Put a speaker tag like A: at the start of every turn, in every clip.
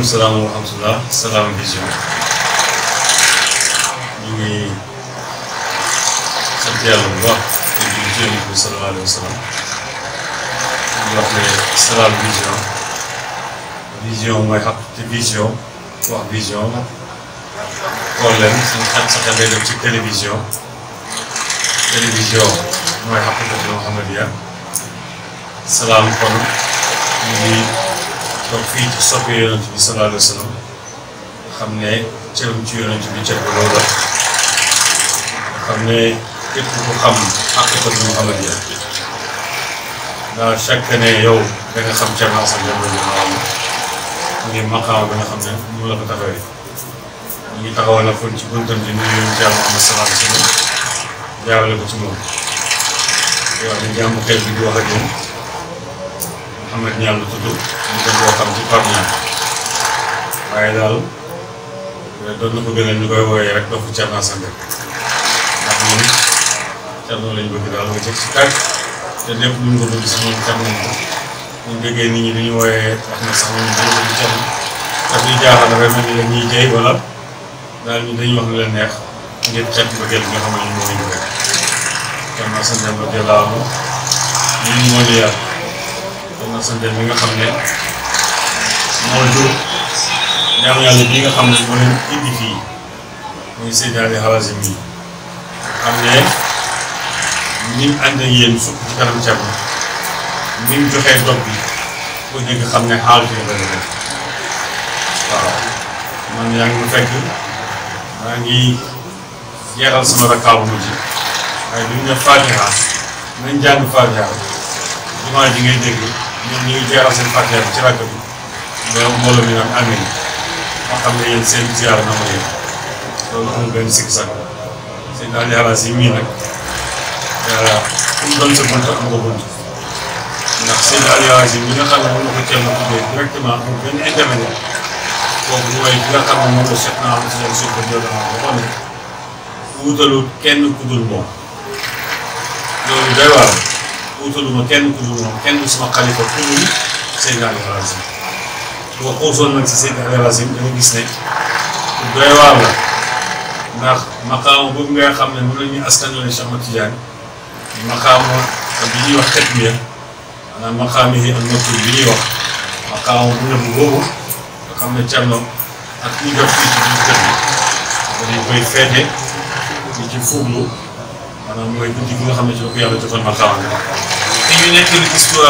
A: aleykum salaam wa rahmatullah Salam Vision ñu ngi sant yàlla bu baax di nuyu jërë ngeen fi sallallahu alayhi wa sallam di wax ne Salam Vision vision mooy xam te vision wax vision problème suñu xel sax dafay dem ci télévision télévision mooy xam te Muhammadiya salaam kon ñu ngi. donc fii ci soppe yonent bi sallallahu alayhi wa xam ne cëram ci yonent bi cër bu loolu xam ne képp ku xam xaqiqat bi Muhammadiyya ndax chaque année yow da nga xam cër naa sa njaboot yi maanaam ngir maqaama bi xam ne moom la ko taxawee ñu ngi taxawal na kon ci buntam bi nuyu yonent bi Muhammad sallallahu alayhi wa sallam jaarale ko ci moom yow ne jàmm xel bi di wax ak yéen Mouhamed Niang la tudd ñu gën koo xam ci Pape Niang waaye daal doon na ko a ñu koy wooyee rek dofu Thierno Assane Seck ndax ñun Thierno lañ bëgg daal nga jëg si tàgg te lépp lu ko bëgg si moom Thierno ñu dañu wooyee wax na sax ñun dañu bëgg Thierno daf rek mel ni la daal ñu wax lu leen neex ngir xet bëggeel bi nga xam ne ñu moo ñu bëgg Thierno Assane Seck la jëlaamu ñun moo ñu yar soxna mi nga xam ne moo jur jaamu yàlla bi nga xam ne moo leen indi fii muy Seydi Ali Harazim yi xam ne ni mu ànd ak yéen sukk ci kanam ceeb ni mu joxee dog ne xaal fi nga ngi jeexal sama rakkaabu mujj waaye duñ ne Faatiha nañ jàng Faatiha jumaa ji ngay dégg ñoom ñu ngi ziaral seen partenaire ci rajo bi loolu mbooloo mi naan amiin ma xam ne yéen seen ziara na ma yéen benn sikk sax seen daal yàllaas yi mii nag um doon sa bunt am nga seen daal yàllaas yi mi nga a benn intermédiaire kooku mooy bi nga kenn ku dul moom loolu wutaluma kenn ku dul moom kenn sama xalifa ku dul Seydina Aliou Razim bu ma xuusoon nag si Seydina Aliou Razim dama gis ne doy waar la ndax maqaama boobu nga xam ne mën nañu askanale Cheikh Ahmad Tidiane maqaama bi ñuy wax xet bi maanaam maqaama yi ak noppi bi ñuy wax maqaama bu nëbb boobu nga xam ne Thierno ak ñi def fii ci biir kër gi dañu koy féete di maanaam mooy guddi gi nga xam ne ci la ko yàlla jotoon man xamal te ñu nekk li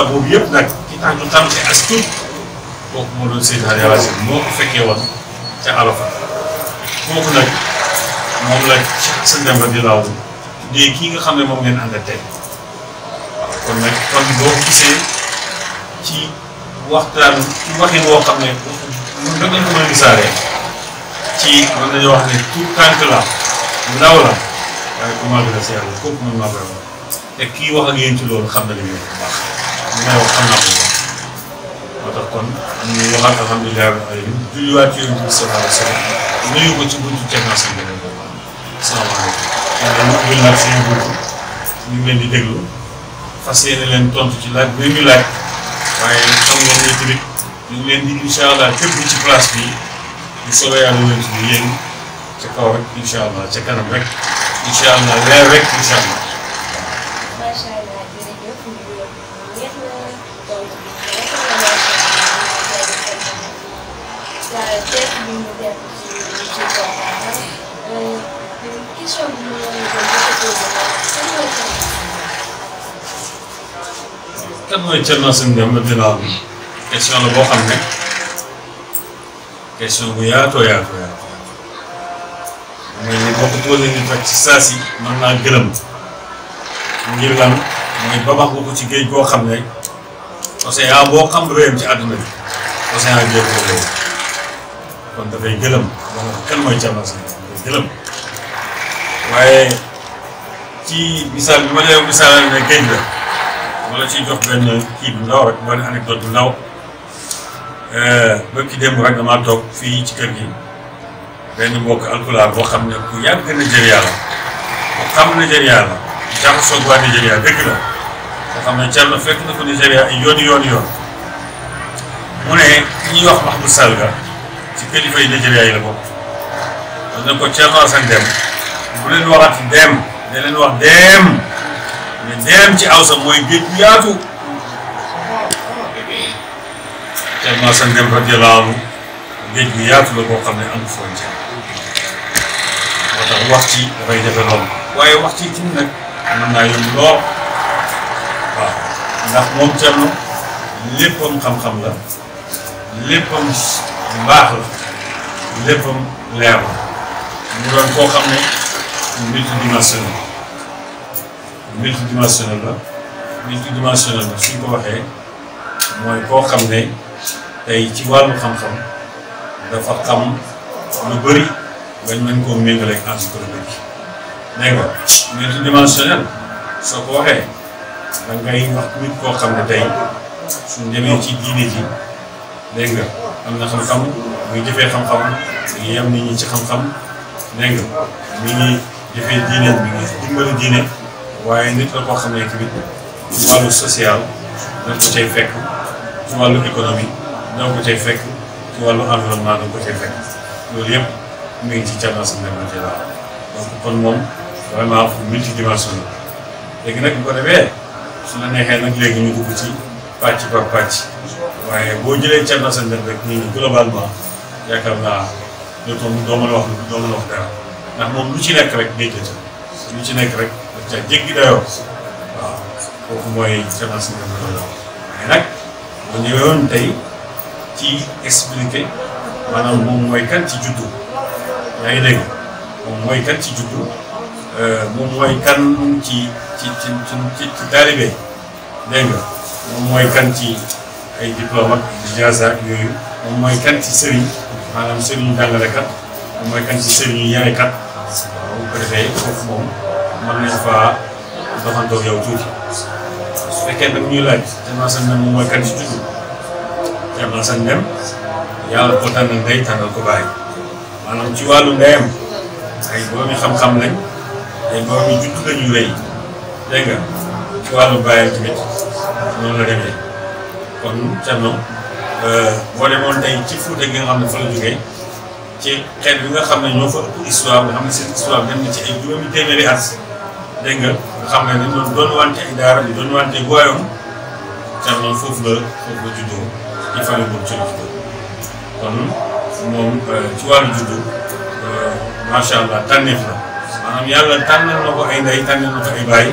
A: boobu yëpp nag ci àndu tànn ci as tuut kooku moo doon Seydi Hadji Haliss moo ko fekkee woon ca Arafa kooku nag moom la sa dem di laaw léegi kii nga xam ne moom ngeen a tey waaw kon nag kon boo gisee ci waxtaan ci waxin woo xam ne mun nga ko mën a misaalee ci mën nañoo wax ne tout tànk la ndaw la waaye ku màggal yàlla kooku mooy màggal ma te kii wax ak yéen ci loolu xam na li muy wax may wax xam naa ko bu baax moo tax kon ñu waxaat alhamdulilah rabbil alamin julliwaat ci bi sallallahu alayhi wa ci buntu Ceerno Sëñ Bada Mbow salaamaaleykum yàlla ñu ubbil laaj bi ñu laaj waaye xam ci place leen ca kaw rek incha allah ca kanam rek incha allah weer rek incha allah. macha allah jërëjëf ñu ngi leen di neex na donc macha allah bi ñu question la boo xam ne question bu yaatoo yaatoo yaatoo. boo ko posé nit rek ci saa si mën naa gëlëm ngir lan mooy babax nga ko ci géej goo xam ne océan boo xam réewam ci àdduna bi océan géej boobu kon dafay gëlëm moom kenn mooy Thierno Sène dafay gëlëm waaye ci misaal bi ma lay ne géej la wala ciy jox benn kii bu ndaw rek benn anecdote bu ndaw euh, ba ki démb rek damaa toog fii ci kër gi. benn mbokk alpulaar boo xam ne ku yàgg Nigéria la ku xam Nigéria la jaxasoog waa Nigéria dëgg la nga xam ne Thierno fekk na yoon mu ne ki ñuy wax Mahmoud Salga ci kilifa yi Nigéria yi la bokk dañ ne ko Thierno Assane Dem bu ne leen wax dem ne ci awsa mooy géej yaatu Thierno Assane Dem radiyallaahu anhu géej gu yaatu la boo xam ne amul frontière moo tax wax ci dafay defe loolu waaye wax ci tim nag mën naa yomb lool waaw ndax moom Thierno léppam xam-xam la léppam mbaax la léppam leer mu doon koo xam ne multidimensionnel multidimensionnel la multidimensionnel la suñ ko waxee mooy koo xam ne tey ci wàllu xam-xam dafa xam lu bëri bañ mën koo méngale ak entrepreneur dégg nga multidimensionnel soo ko waxee da wax nit koo xam ne tey suñ demee ci diine ji dégg am na xam-xam mu ngi jëfee xam-xam mu ngi nit ñi ci xam-xam dégg nga mi ngi jëfee diine mi ngi dimbali diine waaye nit la koo xam ne tamit ci wàllu social da ko cay fekk ci wàllu économie da ko cay fekk. wàllu environnement da nga ko cee fekk loolu yëpp mu ngi ci Thierno Assane Demba Diarra donc kon moom vraiment fu multidimension la léegi nag bu ko defee la neexee nag léegi ñu dugg ci pàcc pàcc waaye boo jëlee Thierno Assane Demba rek ñu globalement yaakaar naa doo toog doo mën moom lu ci nekk rek day jënd lu ci nekk rek daf caa dayoo waaw kooku mooy Thierno Assane Demba Diarra waaye nag bu ñëwee woon tey. ci expliqué maanaam moom mooy kan ci juddu yaa ngi moom mooy kan ci juddu euh, moom mooy kan ci ci ci ci ci taalibe dégg moom mooy kan ci ay diplôme ak ijaasa yooyu moom mooy kan ci sëriñ maanaam sëriñu jàngalekat moom mooy kan ci sëriñu yarekat waaw bu moom moom mooy kan ci juddu. Thierno Assane Deme yàlla ko tànnal ndey ci wàllu ndeyam ay boobu xam lañ ay boobu judd lañu rëy dégg nga ci wàllu tamit euh, ci Fuuta gi nga xam bi nga xam ne ñoo fa ëpp histoire nga ci ay nga nga xam ne dañ doon wante ay daara doon wante booyoon Thierno foofu la foofu la juddoo. ci loxo kon moom euh, ci wàllu juddu euh, macha allah tànneef la maanaam yàlla tànnal na ko ay ndey tànnal na ko ay baay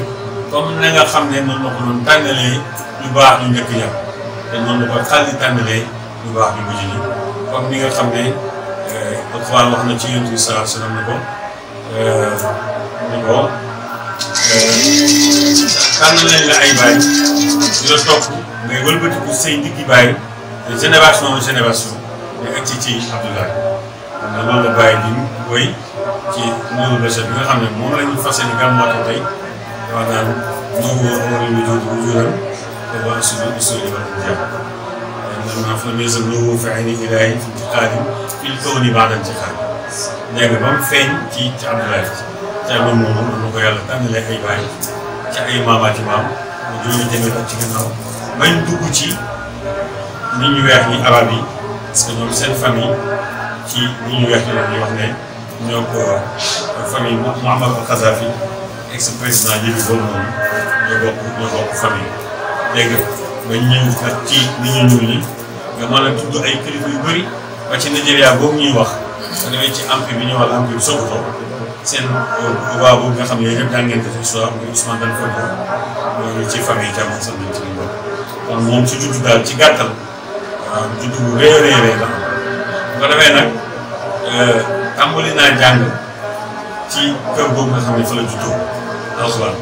A: comme na nga xam ne noonu la ko doon tànnalee lu baax ñu njëkk ña te noonu la ko xal xam euh, la ay baay di la topp ngay wëlbatiku say diggi baay. de génération en génération di egg ci ci Abdoulaye kon loolu la bàyyi di koy ci Nourou Bachir bi nga xam ne moom la ñu fas yéene gàmmaatu tey wax naan Nourou Amady Moussa Diouf juuram te ba suñu suñu ba di fi la maison fi ci fil kaw ni baadan ci xaadim léegi ba mu feeñ ci ci Abdoulaye ci am moomu noonu ko yàlla ay bàyyi ci ay maamaati maam mu juróomi téeméer ak ci bañ dugg ci. nit ñu weex ñi arab yi parce que ñoom seen famille ci nit ñu weex ñi wax ne ñoo ko famille Muammar al-Kadhafi ex président yi bi boobu noonu ñi nga mën a tudd ay kilifa yu bëri ba ci Nigéria boobu ñuy wax soo demee ci empire bi ñu wax empire Sokoto seen waa boobu nga xam ne yooyu yëpp daan ngeen def histoire muy Ousmane Dan Fodio ci famille Thiam ak seen benn kii boobu kon moom su daal ci gàttal. waaw juddu bu rëy a rëy rëy la bu ko defee nag euh, tàmbali naa jàng ci kër boobu nga xam ne fa la juddoo alxuraan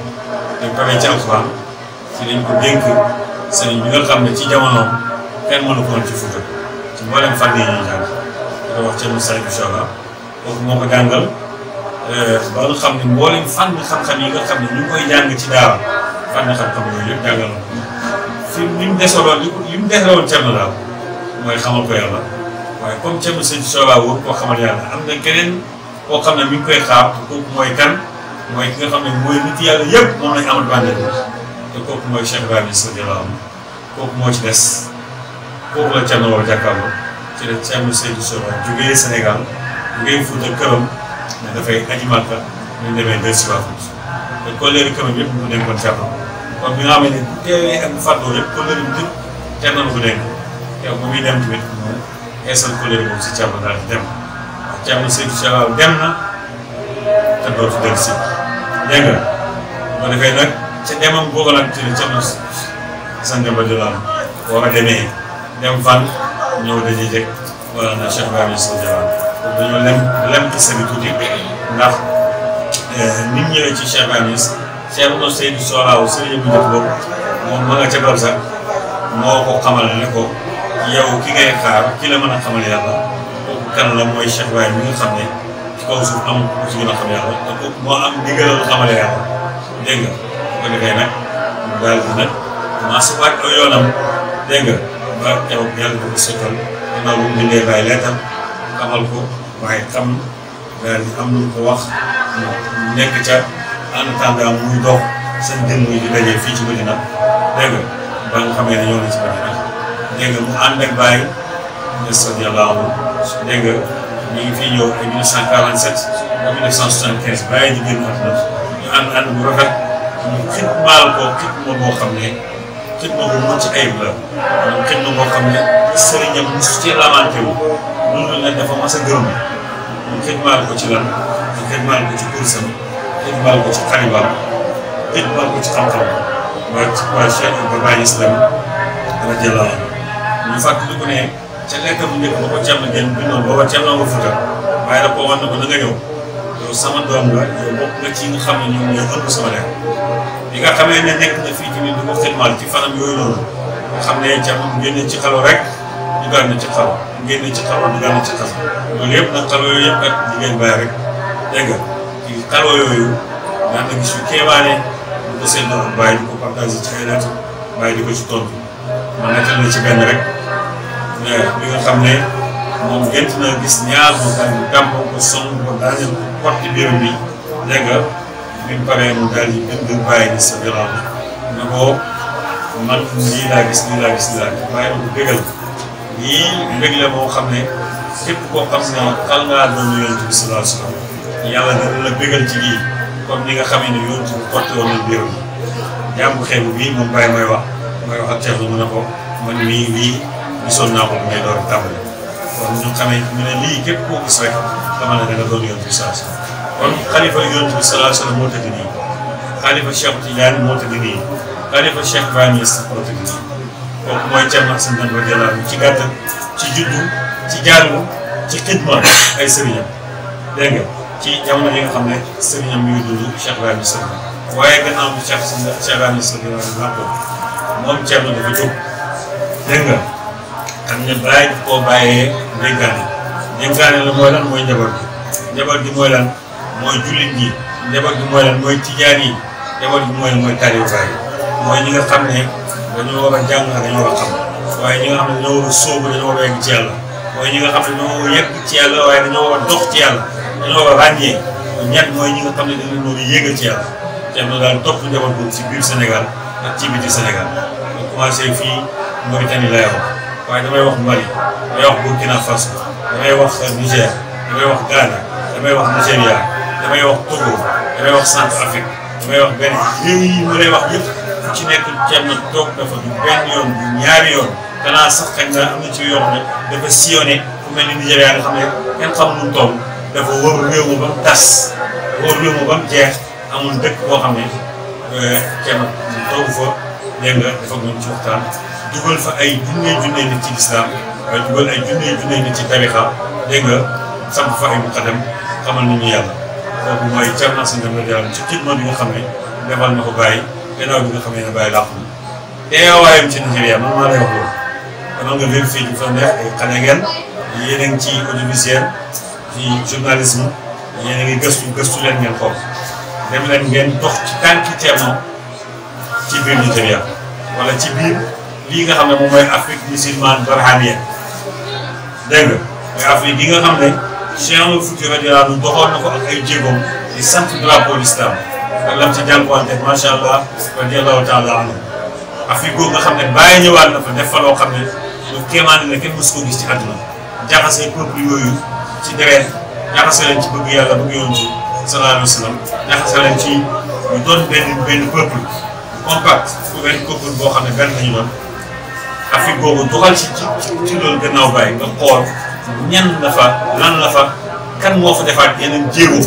A: dañ paree ko dénk sëriñ ci jamonoom ci Fuuta ci mboolem ko wax Thierno Seydou Sola kooku moo ko jàngal euh, ba nga xam ne mboolem fànn mu deseloon li mu deseloon Thierno daal. mooy xamal ko yàlla waaye comme ceeb sëñ Soba koo xamal yàlla am na keneen koo xam ne mi ngi koy xaar kooku mooy kan mooy ki nga xam ne mooy nit yàlla yëpp moom lañ amal bànneex te a jàkkaarloo ci la ceeb sëñ Soba jugee Sénégal jugee Fuuta te collègue mu nekkoon Thierno kon bi nga xam bu teewee yow bu muy dem tamit moom eesal collègue boobu si càmm daal dem waaw càmm Seydou Thiaw dem na te doo fi dellu si dégg nga bu defee nag ca demam dem fan ñëw dañuy jëkk wala na Cheikh Ibrahima Sow Diawara kon dañoo lem lem eh, ci seen tuuti moom ma nga ca Barza moo ko xamal ne ko. yow ki ngay xaar ki mën a xamal yàlla kan la mooy Cheikh Baye mi nga xam ne ci kaw suuf am ku ci gën a xam yàlla te kooku moo am diggalal xamale yàlla dégg nga bu ko mu daal di ba yow yàlla du ko sottal ginnaaw bu di am lu ko wax nekk ca en attendant muy dox seen jëmm yi fii ci Medina ba ngi ci dégg nga mu ànd ak Baye Niass radiyallahu dégg nga ñu ngi fii ñëw ay di génn àdduna ñu ànd ànd bu rafet maal ko xit ma boo xam ne xit ma bu mucc ayib la ma boo xam ne sëriñam mu ci lamante wu noonu la dafa mas a gërëm ñu maal ko ci lan ñu xit maal ko ci kursam xit maal ko ci xalibaam xit maal ko ci xam-xam waaye waaye Cheikh Ibrahima Islam ñu fàttali ko ne ca lekk bu njëkk ba ko ceeb na jël bindoon booba ceeb na nga futa waaye da koo wan ne ko da nga yow sama doom la nga ci nga xam ne ñoom ñoo ëpp sama lekk nga xamee ne nekk na ci fanam yooyu noonu nga xam ne ceeb mu génne ci xalo rek dugal na ci xalo mu génne ci xalo yooyu nga ci xalo yooyu daan na ko seen doom bàyyi di ko partagé ci ay laata di ko ci tontu man nekkal na ci benn rek bi nga xam ne moom gént na gis ñaar mu daal di gàmmu ko song ko ko xotti biir bi dégg nga bi mu paree mu ko man lii laa gis lii laa gis lii laa gis waaye du bégal lii bégle moo xam ne képp koo xam ne xal ngaa doon yonent bi sallallahu alayhi wa sallam yàlla dana la bégal ci ni nga xam ne yonent bi xotti woon na biir bi jàmbu xeebu bii moom bàyyi mooy wax mooy wax ak ceeb bi mu ne ko man mii mii. gisoon naa ko ngay door tàmbali kon ñu xamee ñu ne lii képp koo gis rek xamal ne da nga doon yonent kon xalifa yonent bi moo tëdd nii xalifa Cheikh Tidiane nii xalifa Cheikh Banis moo tëdd nii kooku mooy Thierno Hassane Deme radiyallahu ci gàttal ci juddu ci jaaru ci xidma ay sëriñam dégg ci jamono yi nga xam ne sëriñam yu dund Cheikh Banis waaye gannaaw bi Cheikh Cheikh Banis radiyallahu moom Thierno dafa jóg dégg nga. ak ñun daañu koo bàyyee dénkaane dénkaane la mooy lan mooy njaboot gi njaboot gi mooy lan mooy jullit njaboot gi mooy lan mooy yi njaboot mooy yi mooy ñi nga xam ne dañoo war a jàng ak dañoo war a xam waaye xam ne dañoo war a sóobu dañoo war a yegg ci yàlla mooy ñi nga xam ne dañoo war a yegg ci yàlla waaye war a dox ci yàlla dañoo war a ràññee ñett mooy ñi nga xam ne dañoo war a ci yàlla te am na daal topp njaboot boobu ci biir Sénégal ak ci biti Sénégal ñu commencé fii waaye damay wax Mali damay wax Burkina Faso damay wax Niger damay wax Ghana damay wax Nigéria damay wax Togo damay wax Centrafrique damay wax benn réew yi mu lay wax ci nekk kenn toog dafa du benn yoon ñaari yoon danaa sax xëy ci yoo xam ne dafa sillonné fu mel ni Nigéria nga ne kenn xam mu toll dafa wër réew ba mu tas wër réew ba mu jeex amul dëkk boo xam ne euh, kenn toogu fa dégg nga dafa mën ci waxtaan. dugal fa ay junne junne nit ci lislaam waaye dugal ay junne junne nit ci tarixa dégg nga samp fa ay muqaddam xamal nañu yàlla mooy Thierno Sène Deme ci xidma bi nga xam ne defal na ko bàyyi gannaaw bi nga xam ne ne bàyyi làqu teewaayam ci Nigéria man maa lay wax dama nga vérifié fa neex xane ngeen yéen a ci audiovisuel ci journalisme yéen a ngi gëstu gëstu leen ngeen xool dem leen ngeen dox ci tànki Thierno ci biir Nigéria wala ci biir. lii nga xam ne moom mooy Afrique musulmane barhamienne dégg nga mooy Afrique bi nga xam ne Cheikh Oumar Foutiyou radiyallaahu anhu doxoon na ko ak ay jéegoom di sant drapeau l'islam ak lam ci macha allah radiyallaahu taala anhu Afrique boobu nga xam ne bàyyi ñëwaat na fa def fa loo xam ne lu kéemaane la kenn mës koo gis ci àdduna jaxase peuple yooyu ci deret jaxase leen ci bëgg yàlla bëgg yoon ci sallallaahu alayhi ci ñu doon benn benn peuple compact benn peuple boo xam ne benn lañu Afrique boobu doxal ci ci ci loolu gannaaw bàyyi nga xool ñan la fa lan la fa kan moo fa defaat yeneen jéego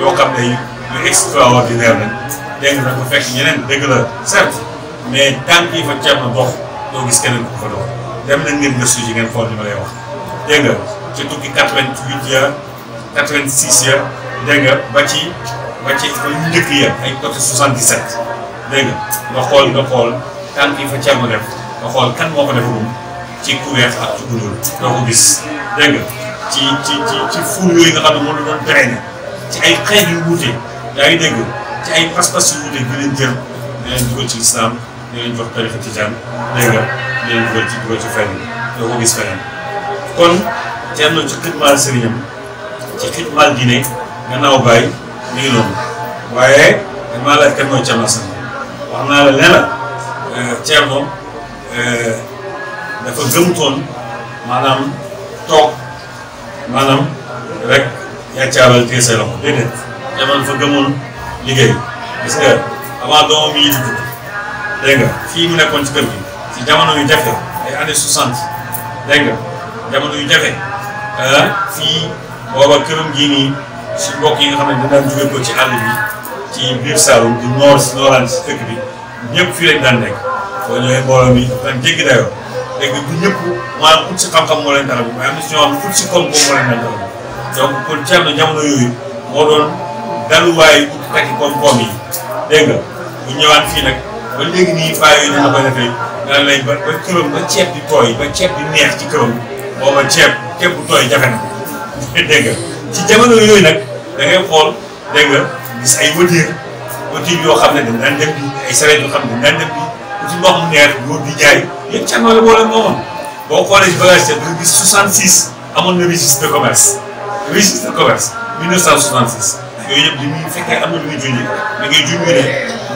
A: yoo xam ne lu extraordinaire la dégg nga bu fekk ñeneen dëgg la certes mais tànk yi fa ceeb na dox doo gis keneen ku fa dox dem na ngeen gëstu ji ngeen xool li ma lay wax dégg nga ci tukki quatre-vingt-huit ya quatre-vingt-six ya dégg ba ci ba ci ba ñu njëkk ya ay côté soixante-dix-sept dégg nga xool nga xool tànk yi fa ceeb na def nga xool kan moo ko def moom ci ku weex ak ci ku ko gis dégg ci ci ci yooyu nga xam ne moom la doon traîner ci ay xeet yu wuute yaa ngi dégg ci ay pas-pas yu wuute di leen jël di leen dugal ci islam di leen jox tarixa tijaan dégg nga di leen dugal ci ci fenn doo ko gis feneen kon Thierno ci xidmaal sëriñam ci xidmaal diine gannaaw bàyyi mi ngi noonu waaye damaa laaj kan mooy Thierno Assane wax naa la nee na euh, Thierno Eh, dafa gëmutoon maanaam toog maanaam rek yàccaaral téye say loxo déedéet jamono dafa gëmoon liggéey gis nga avant doomam yi dugg dégg nga fii mu nekkoon ci kër gi ci jamono yu jafe ay années soixante dégg nga ah, fii booba këram gii si mbokk yi nga xam ne dañ daan jóge ko ci àll bi ci biir Saalum du noor si nooraan si dëkk bi ñëpp fii lañ daan nekk soo ñëwee mbooloo mi dafa daan jéggi dayoo léegi ñëpp maanaam ut si xam-xam moo leen tax a jóg waaye am si ñoo xam ne ut si koom-koom moo leen daan tax a jamono yooyu moo doon daluwaay ut takki koom-koom yi dégg nga bu ñëwaat fii nag ba léegi nii faa yooyu dina koy defee daan lay ba ba këram ba ceeb di tooy ba ceeb di neex ci këram booba ceeb ceeb bu tooy jafe na dégg nga ci jamono yooyu nag da ngay xool dégg nga gis ay wëtiir wëtiir yoo xam ne dañ daan dem bi ay sareet yoo xam ne dañ daan dem bi ci ndox mu neex góor di jaay yëpp càmm la boole boo xoolee ci bagage ceeb bi 66 amoon na registre de commerce registre de commerce 1966 yooyu yëpp li muy fekkee am na lu muy junj da ngay junj ne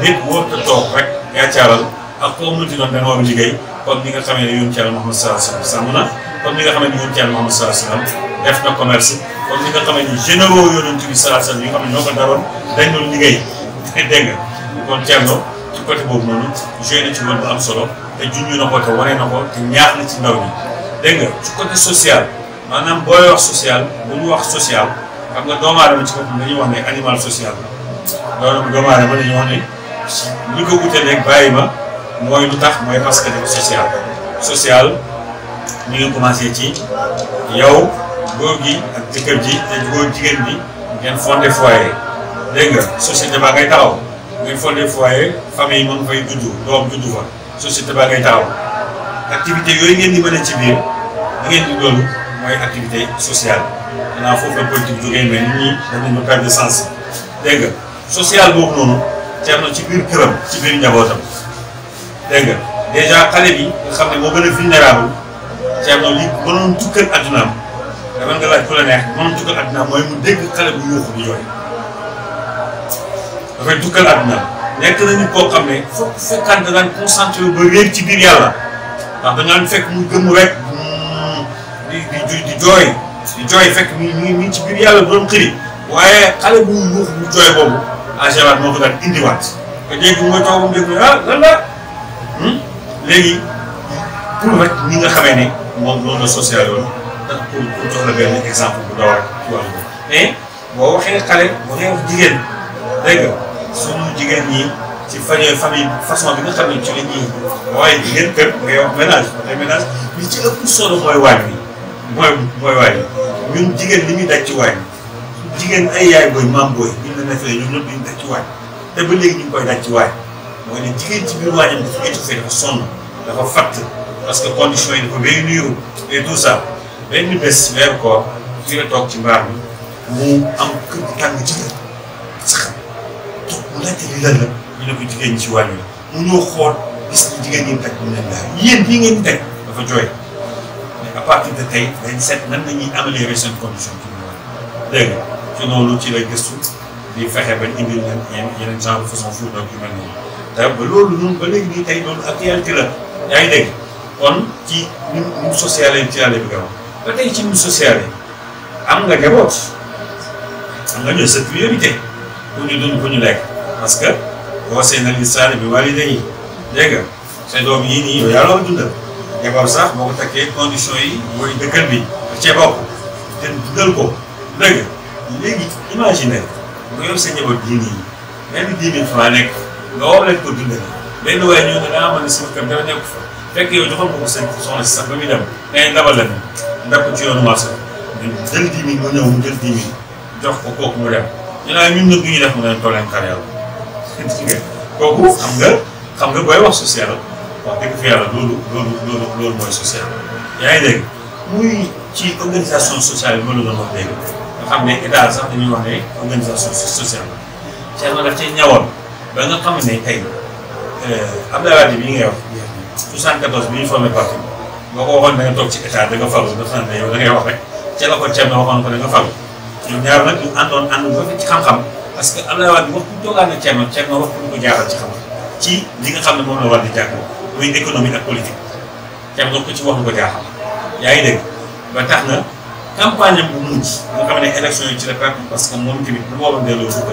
A: nit warut toog rek yaa caalal ak koo mënti doon da nga war a liggéey comme ni nga xamee na comme ni nga xamee ne yoon Thiel Mouhamed def na commerce comme ni nga xamee ne généraux yonent bi Salou Salou yi nga xam ne ñoo ko daroon liggéey ci côté boobu noonu joué na ci mën bu am solo te junj na ko te wane na ko te ñaax na ci ndaw ñi dégg nga ci côté social maanaam booy wax social bu mu wax social xam nga doomu aadama ci boppam dañuy wax ne animal social la loolu doomu aadama dañuy wax ne li ko wutaleeg bàyyi ma mooy lu tax mooy parce que dafa social social ñu ngi commencé ci yow góor gi ak jëkkër ji te góor jigéen bi ngeen fondé foyer dégg nga société baa ngay taxaw. ngay fondé foyer famille yi moom fay juddu doom juddu fa société baa ngay taxaw activité yooyu ngeen di mën ci biir di ngeen di loolu mooy activité sociale xanaa foofu la politique jógee mais nit ñi dañu ma noonu teer ci biir këram ci biir njabootam dégg nga xale bi nga xam ne moo gën a vulnérable teer na li mënoon tukkal addunaam dama addunaam mooy mu dégg xale bu yuuxu di jooy dafay dukkal àdduna nekk nañu koo xam ne foog fekkaan da daan concentré ba réer ci biir yàlla ndax da naan fekk mu gëmu rek di di di jooy di jooy fekk mu ngi ci biir yàlla bu doon xëri waaye xale bu yuux bu jooy boobu en général moo ko daan indiwaat léegi ah, la hmm? léegi pour rek ñi nga xamee ni moom noonu la social yoon ndax pour jox la benn exemple bu daw mais boo waxee xale boo waxee jigéen dégg suñu jigéen ñi ci famille famille façon bi nga xam ne ci la ñuy waaye jigéen kër ngay wax ménage te ménage solo mooy waañ bi mooy mooy waañ bi ñun jigéen li ñuy daj ci waañ jigéen ay yaay booy maam booy ñun la nekkee ñoom ñëpp dañuy ci waañ te ñu ngi koy daj ci ne jigéen biir waañam dafa étouffé dafa sonn dafa fatt parce que conditions yi dafa réunir et tout ça benn bés weeru koor fii toog ci mbaar mi mu am kër bu tàng ci laajte li lan la ñu ne ko jigéen ñi ci wàññi mu ñëw xool gis ni jigéen ñi teg ñu leen daal yéen ñi ngeen teg dafa jooy mais à tey dañ seet nan la ñuy améliorer seen condition ci ñu wàññi di fexe ba indil leen yeen yeneen genre façon fuur yu mel noonu te ba loolu noonu ba léegi nii tey loolu actualité la yaa ngi dégg kon ci nu nu sociale yi ci yàlla bi nga wax ba tey ci nu sociale yi am nga njaboot am nga ñooy sa priorité pour ñu doon ko ñu lekk parce que woosee na lisaani bi waalidayhi dégg nga sa doom yii nii yow yaa loolu dundal jabar sax boo ko takkee condition yi mooy dëkkal bi daf cee bokk te dundal nga léegi imagine nga yor yi même dix mille nga war leen ko dundal benn kër dara nekk fa fekk yow joxoon ko ko seen soxna si sax ba muy dem ngay ndabal la ndab ko ci yoonu marché jël dix mu ñëw jël dix jox ko kooku mu dem ñu naan ñun nag du ñu def mu ne tolleen xar yàlla jigéen kooku xam nga xam nga booy wax social wax dëgg fi yàlla loolu loolu loolu loolu mooy social yaa ngi dégg muy ci organisation sociale bi ma la doon wax léegi nga xam ne état sax dañuy wax ne organisation sociale la na daf cee ñawoon ba nga xam ne tey euh, Abdoulaye Wade bi ngay wax 74 bi ñu formé parti boo ko waxoon da nga toog ci état da nga faru daf naan ne yow da ngay wax rek ca la ko ceeb na waxoon ko da nga faru ñoom ñaar nag ñu àndoon ànd ba ci xam-xam parce que Abdoulaye Wade wax ku toogaan ak Thierno Thierno wax ku ko jaaral ci xam ci li nga xam ne moom la war di ci wax ko jaaxal yaa ngi dégg tax na campagne bu mujj nga xam ne élection yi ci parce que moom tamit bu waroon delloo suuf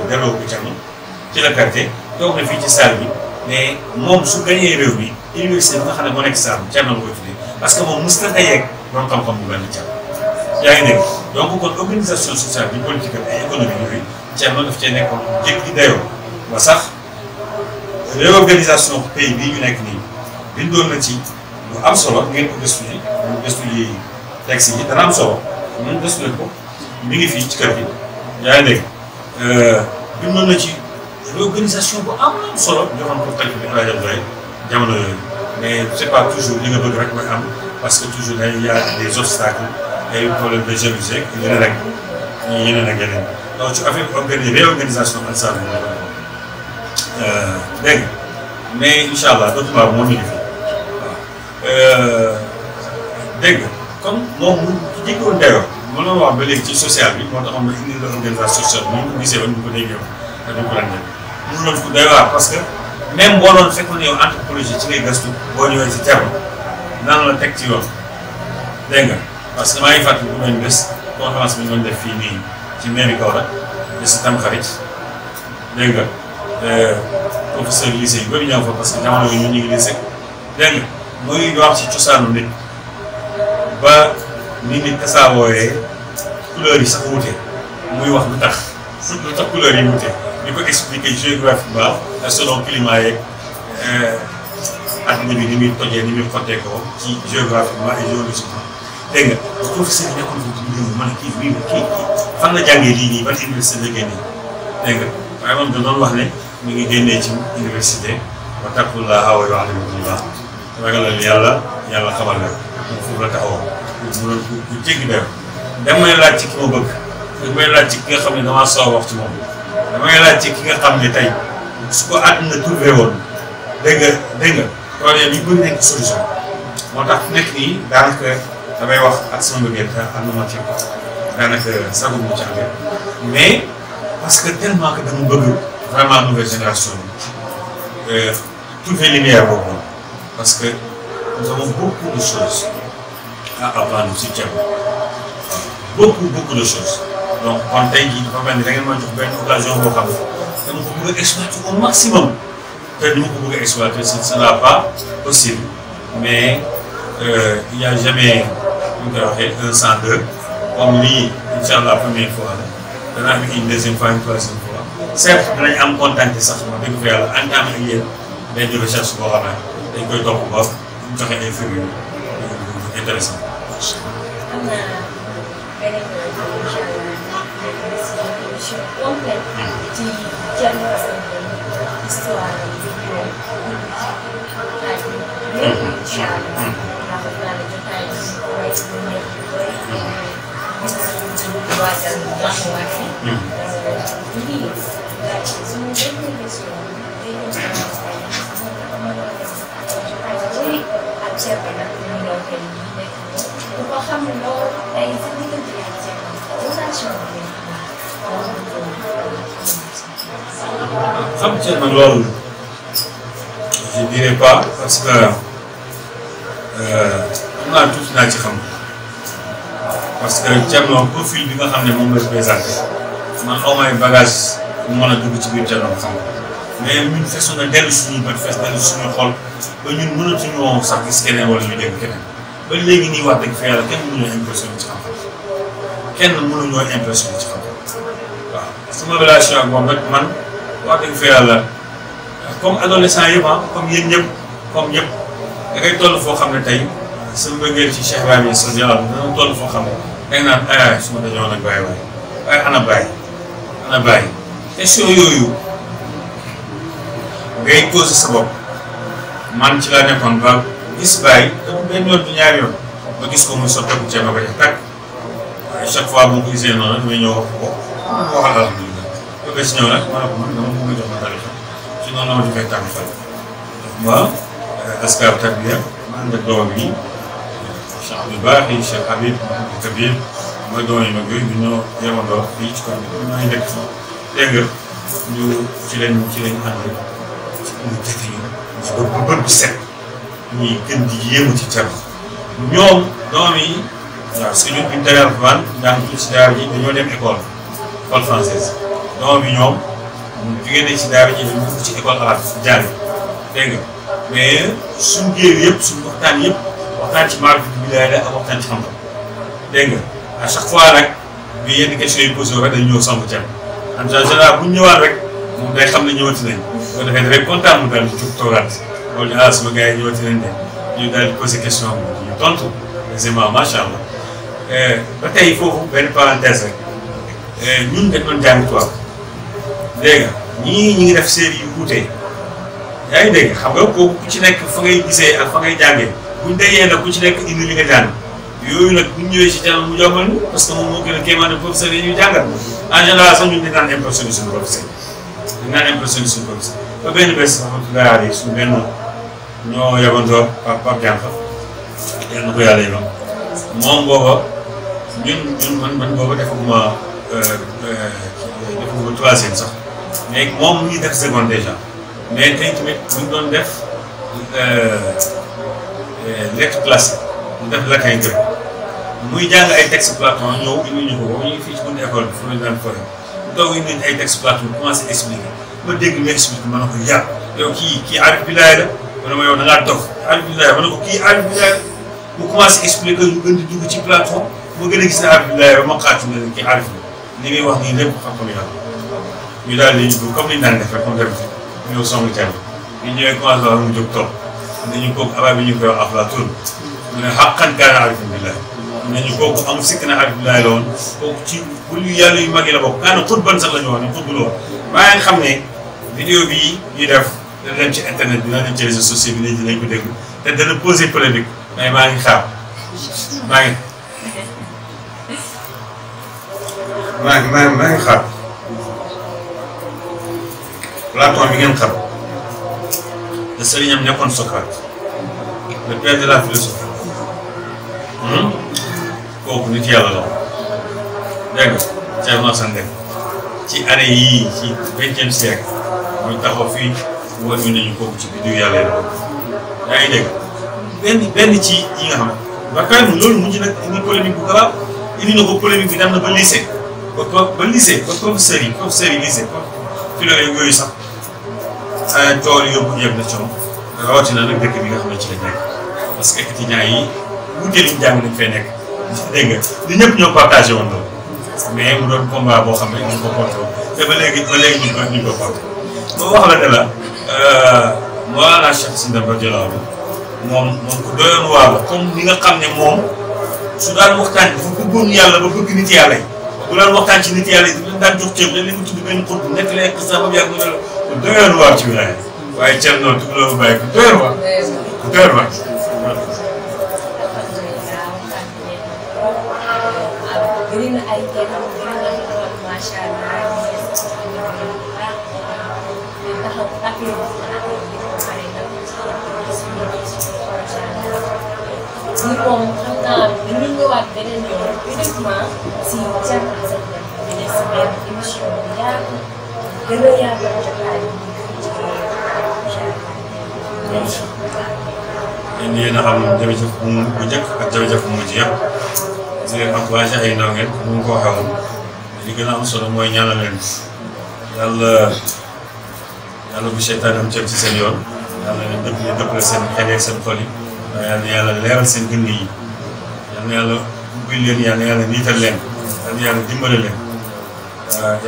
A: ci la fii ci salle bi mais moom su gañee réew mi université bi nga xam ne moo nekk salle bi Thierno la parce que moom mosut a dajeeg borom xam-xam bu mel ni Thierno yaa ngi donc kon organisation sociale bi politique ak ay économie yooyu. Thierno daf cee nekkoon jéggi dayoo ba sax réorganisation pays bii ñu nekk nii bindoon na ci lu am solo ngeen ko gëstu ji ñu gëstu yi dana am solo ñun gëstu nañ ko mi ngi fii ci kër gi yaa ngi dégg euh, bindoon na ci réorganisation bu am solo ñu ko tëj bi El Hadj Abdoulaye yooyu mais parce que toujours day y a des obstacles ay problèmes de jalousie ak yeneen ak yeneen. donc ci affaire organi réorganisation Ansar moom la ko dégg mais incha allah document bi moom ñu ngi fi waaw euh, dégg comme moom mu jikkoon dayoo mënoon wax ba léegi ci social bi moo taxoon na indi la organisation sociale moom ko gisee woon ñu ko déggee woon te duñ ko daan dégg mu doon ko doy waar parce que même boo doon fekkoon yow anthropologie ci ngay gëstu boo ñëwee ci terme nan la teg ci yoon dégg nga parce que maa ngi fàttali bu doon bés conférence bi ñu doon def fii nii. ci mairie Kaolack bisu Tamxarit dégg nga euh, professeur lycée yu bëri ñëw fa parce que jamono bi ñu ngi lycée dégg muy wax ci cosaanu nit ba ni nit tasaawooyee couleur yi sax wute muy wax lu tax lu tax couleur yi wute di ko expliquer géographiquement ak selon climat yeeg euh, at mi bi ni muy tojee ni muy xotteekoo ci géographiquement et géologiquement dégg nga professeur yi nekkoon na ñu ñëw man kii bii kii fan la jàngee lii nii ban université la génnee waaye moom da doon wax ne mi ngi génnee ci université wa taqullaha wa yuallimukumullah ragalal yàlla yàlla xamal la moom foofu la taxawoo mu nga xam soo wax ci moom damay laaj ci ki nga xam ne tey su ko àdduna trouvé woon dégg nga dégg nga problème yi bëri nekk solution moo tax nekk nii daanaka damay wax ak sama mbëggeel te am na ma ci daanaka sagum mu ci amee mais parce que tellement que dama bëgg vraiment nouvelle génération bi euh, trouver boobu parce que nous avons beaucoup de choses à apprendre si Thiaba beaucoup beaucoup de choses donc kon tey jii dafa mel ni da bëgg a exploiter au maximum te bëgg a exploiter ce pas possible mais euh, il jamais. ñu koy waxee deux cent deux comme lii incha allah première fois la danaa fi une deuxième fois une troisième fois certes danañ am kontaan sax wax dëgg fa yàlla ànd ak yéen benn recherche boo xam ne dañ koy topp ba ñu joxe ay firnde yu intéressant ci xam ceeb nag loolu je dirais pas parce que euh, am naa tuuti naa ci xam parce que Thierno profil bi nga xam ne moom la présenté man aw may bagage bu mën a dugg ci biir Thierno xam mais ñun fexe na dellu suñu bët fexe dellu suñu xol ba ñun mënatuñu woon sax gis ñu dégg keneen ba léegi nii wax dëgg yàlla kenn mënuñoo impression ci xam-xam kenn mënuñoo impression ci xam-xam waaw sama relation ak moom nag man wax dëgg fa yàlla comme adolescent yëpp ah comme yéen comme ñëpp da toll foo xam ne tey sama bëggeel ci Cheikh day naan ay waay su ma dajoon ak Baye waay waaye ana Baye ana Baye question yooyu ngay posé sa bopp man ci laa nekkoon ba gis Baye dafa benn yoon yoon ba gis ko muy sotteeku ceeb ba bañ a waaye chaque fois boo gisee noonu damay ñëw wax ko ko ah, waxal alhamdulilah ko man dama bëgg a jox ma noonu la ma ci fay tàmm fan waaw eh, askan bi tarbiya man doom yi. Cheikh Abdou Baax yi Cheikh Habib Kabir mooy doom yi mag yooyu ñoo yemandoo fii ci kaw ñu ñooy nekk dégg ñu ci lañ ci lañ ànd ñu jëkk yi ba bët bu set ñuy gën di yéemu ci ter ñoom doom yi waaw suñu ci si daara ji dañoo dem école école française doom yi ñoom jugee nañ si daara ji dañu ci école arabe jaaree dégg nga mais suñu géer yëpp suñu waxtaan yëpp waxtaan ci maarif billaay la ak waxtaan ci xam-xam nga à chaque fois nag bi yenn questions yu posé rek bu ñu ñëwaat rek moom day xam ne ñëwati nañ bu ko defee dafay kontaan mu daal yi ñëwati nañ de ñu daal di allah euh, ba tey foofu benn parenthèse rek euh, ñun dañ doon jàng tubaab dégg nga ñii ñi ngi def série yu wuute yaa ngi dégg xam nga kooku ci nekk fa ngay gisee ak fa ngay jàngee. buñ dajee nag ku ci nekk indi li nga jàng yooyu nag bu ñu ci jàng mu joxoon ñu parce que moom a kéemaan professeur yi ñuy en général sax ñun dañ naan impressionné suñu professeur dañ naan mu euh, euh, ngi def seconde déjà mais tey tamit bu ñu doon def. Euh, Euh, nekk place mu def la kay gëm muy jàng ay texte Platon ñëw indi ñu ko ba ñu ngi fii ci bunt école bi fu ñu daan foree mu toog indi ay texte Platon commencé expliqué ma dégg nga expliqué ma ne ko yàpp yow arif bi da ma ne ko arif bi mu commencé expliqué ñu gën ci Platon ma gën a gis ne arif bi laay ba ma xaati arif la li ngay wax nii lépp xam-xam yàlla ñu daal di ñu comme ni ñu daan defee comme d'habitude ñëw song jàng ñu ñëwee commencé wax mu jóg nañu kooku arab ñu koy wax aflatun nañu kooku am sikk na arif billahi la woon kooku ci wulu yàlla yu mag yi la bokk kaana xutban sax la ñu wax ne xutbu la xam ne vidéo bii ñuy def dana ci internet bi ci réseaux sociaux bi nit ñi dinañ ko déglu te dana posé polémique mais maa xaar maa ngi maa ngi maa ngi xaar ngeen xam la sëriñam nekkoon Socrate le père de la philosophie hmm? kooku nit yàlla la dégg nga Thierno Sandek ci année yii ci vingtième siècle ñu taxaw fii wër ñu nañu kooku ci biddiw yàlla yi yaa ngi dégg benn benn ci yi nga xam ne bakkaar loolu mujj nag indi polémique bu garaaw indi na ko polémique bi dem na ba lycée ba ba lycée ba professeurs yi professeurs yi lycée ba philo yooyu sax saa eh, tool yëpp yëpp na coono rawatina nag dëkk bi nga xam ne ci la nekk parce que étudiants yi wuute liñ jàng nañ fee nekk dégg nga li ñëpp ñoo partagé woon loolu mais mu doon combat boo xam ne ñu ko porté te ba léegi ba léegi ñu ko ñu ko porté moo wax la ne la eh, Mawlana Cheikh Sine radiyallahu anhu moom moom ko doyoon waaw comme ni nga xam ne moom su daan waxtaan dafa bëggoon yàlla ba bëgg nit yàlla yi bu daan waxtaan ci nit yàlla yi dañ daan jox ceeb dañ leen ko tudd benn xur bu nekk lay xis sax ba mu yàgg mu ne la ku doyoon waar ci wilaaya waaye Thierno noonu tukul woon bàyyi ku doyoon waar ku doyoon waar di moom xam naa bi ñu ñëwaat beneen yoon uniquement si jàmm ak sa benn émission bu yaatu gën a yàggal jotaay bi. yéen a xam jafe-jafe bu bu njëkk ak jafe-jafe bu mujj yëpp di leen encouragé ay ndaw ngeen bu mu ko waxee woon li gën a am solo mooy ñaanal leen yàlla yàlla bu seytaan am jëm ci seen yoon yàlla leen dëpp leen dëppale seen xel ak seen xol yi yàlla na yàlla leeral seen dund yi yàlla na yàlla ubbi leen yàlla na yàlla niital leen yàlla na yàlla dimbale leen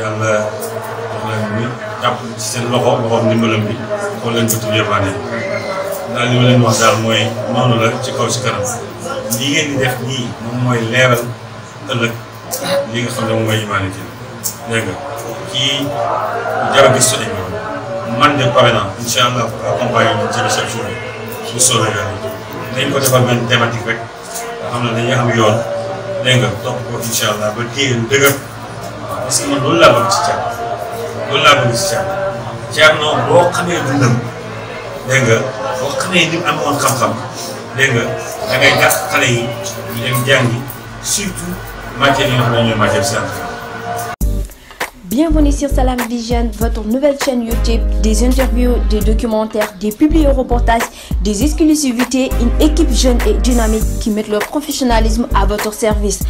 A: yàlla. problème bi jàpp ci seen loxo loxo ndimbalam bi kon leen jotul yërmande daal li ma leen wax daal mooy noonu la ci kaw ci kanam lii di def nii moom mooy leeral ëllëg li nga xam ne moom mooy humanité dégg kii jar a gëstu dañ man de pare naa incha allah accompagné ñu ci chaque jour bu soobee yàlla dañ ko defal benn thématique rek nga xam ne dañuy am yoon dégg nga topp ko incha allah ba téye lu dëgër parce que loolu laa bëgg ci càmm. loolu laa bëgg si Thierno Thierno boo xamee dundam dégg nga boo xamee ni mu amoon xam-xam dégg nga da ngay dàq xale votre nouvelle chaîne YouTube, des interviews, des documentaires, des publi des exclusivités, une équipe jeune et dynamique qui met leur professionnalisme à votre service.